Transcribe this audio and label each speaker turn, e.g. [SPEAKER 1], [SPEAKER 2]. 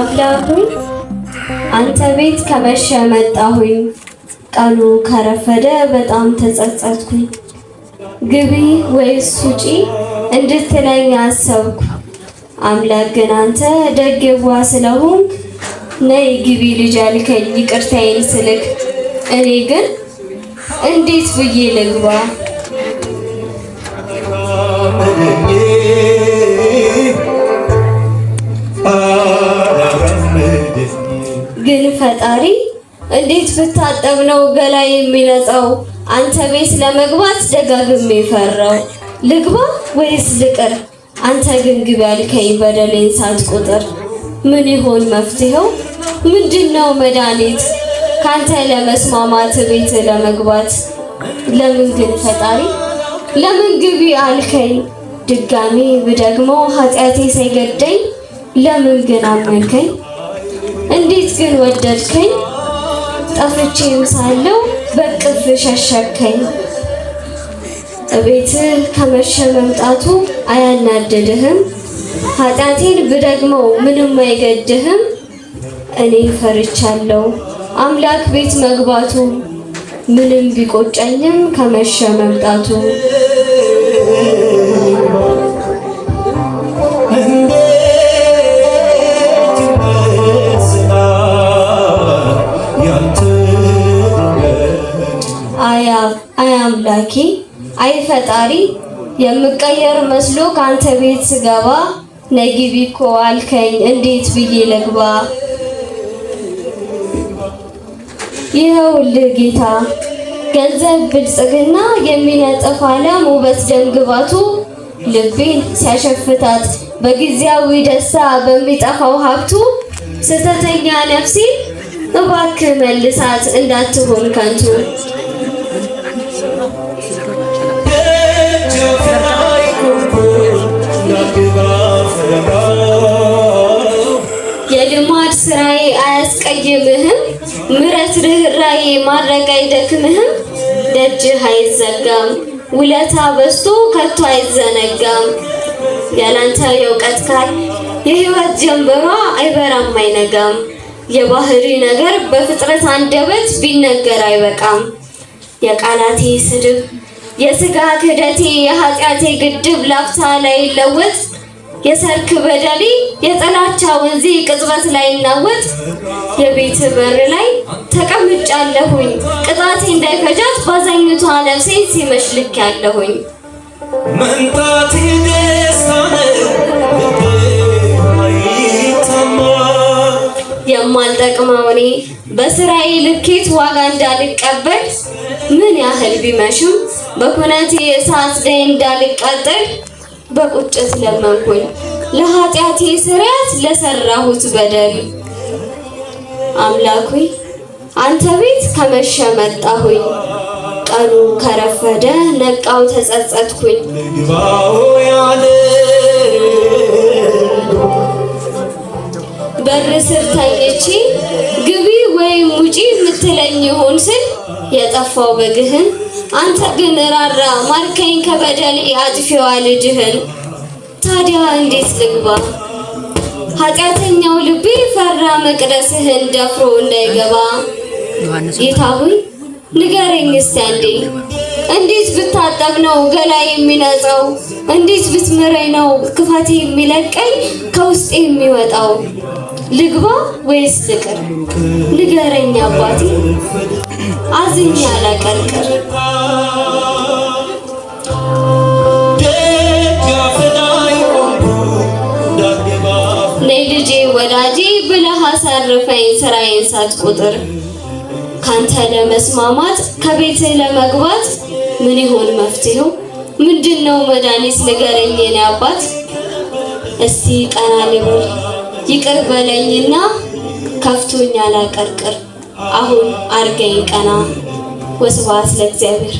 [SPEAKER 1] አፍላሁኝ አንተ ቤት ከመሸ መጣሁኝ፣ ቀኑ ከረፈደ በጣም ተጸጸትኩኝ። ግቢ ወይስ ውጪ እንድትለኝ አሰብኩ። አምላክ ግን አንተ ደጌዋ ስለሆንክ ነይ ግቢ ልጅ አልከኝ ይቅርታዬን ስልክ እኔ ግን እንዴት ብዬ ልግባ? ግን ፈጣሪ እንዴት ብታጠብ ነው ገላ የሚነጻው? አንተ ቤት ለመግባት ደጋግሜ ፈራው። ልግባ ወይስ ልቅር? አንተ ግን ከይ ያልከኝ በደሌን ሳትቆጥር ምን ይሆን መፍትሄው? ምንድነው መድኃኒት? ካንተ ለመስማማት ቤት ለመግባት ለምን ግን ፈጣሪ ለምን ግቢ አልከኝ? ድጋሜ ብደግሞ ኃጢአቴ ሳይገደኝ ለምን ግን አመንከኝ? እንዴት ግን ወደድከኝ? ጠፍቼም ሳለው በቅፍ ሸሸከኝ። እቤት ከመሸ መምጣቱ አያናድድህም? ኃጢአቴን ብደግመው ምንም አይገድህም? እኔ ፈርቻለሁ አምላክ ቤት መግባቱ ምንም ቢቆጨኝም ከመሸ መምጣቱ አይ አይ ፈጣሪ የምቀየር መስሎ ካንተ ቤት ስገባ ነግቢ እኮ አልከኝ እንዴት ብዬ ለግባ ይኸውልህ ጌታ ገንዘብ ብልጽግና የሚነጥፍ ዓለም ውበት ደምግባቱ ልቤን ሲያሸፍታት በጊዜያዊ ደስታ በሚጠፋው ሀብቱ ስተተኛ ነፍሴ እባክህ መልሳት እንዳትሆን ከንቱ አይደክምህም፣ ምረት ርኅራኄ ማድረግ አይደክምህም፣ ደጅህ አይዘጋም፣ ውለታ በዝቶ ከቶ አይዘነጋም። ያላንተ የእውቀት ካል የሕይወት ጀንበሯ አይበራም አይነጋም። የባህሪ ነገር በፍጥረት አንደበት ቢነገር አይበቃም። የቃላቴ ስድብ የሥጋ ክህደቴ የኃጢአቴ ግድብ ላፍታ ላይ ለወጥ የሰርክ በደሌ የጥላቻ ወንዚ ቅጽበት ላይ እናወጥ የቤት በር ላይ ተቀምጫለሁኝ ቅጣቴ እንዳይፈጃት ባዛኝቷ ሲመሽ ሲመሽልክ ያለሁኝ መንጣቴ ደስታ በስራዬ ልኬት ዋጋ እንዳልቀበል ምን ያህል ቢመሽም በኩነቴ እሳት ላይ እንዳልቃጠል በቁጭት ለመንኩኝ ለኃጢአቴ ስርያት ለሰራሁት በደል። አምላኩኝ አንተ ቤት ከመሸ መጣሁኝ፣ ቀኑ ከረፈደ ነቃው ተጸጸትኩኝ። በር ስር ተኝቼ ግቢ ወይም ውጪ የምትለኝ ይሆን ስል የጠፋው በግህን አንተ ግን ራራ ማርከኝ ከበደል አጥፊዋ ልጅህን። ታዲያ እንዴት ልግባ? ኃጢአተኛው ልቤ ፈራ መቅደስህን ደፍሮ እንዳይገባ። ጌታ ሆይ ንገረኝ እስቲ አንዴ እንዴት ብታጠብ ነው ገላ የሚነጸው? እንዴት ብትምረኝ ነው ክፋቴ የሚለቀኝ ከውስጤ የሚወጣው? ልግባ ወይስ ልቅር? ንገረኝ አባቴ አዝኛ አላቀርቅር ብለህ አሳርፈኝ ስራዬን ሳትቆጥር ካንተ ለመስማማት ከቤትህ ለመግባት ምን ይሆን መፍትሄው? ምንድነው ነው መድኃኒት ንገረኝ የኔ አባት። እስቲ ቀና ልበል ይቅር በለኝና ከፍቶኛል አቀርቅር አሁን አርገኝ ቀና። ወስብሐት ለእግዚአብሔር።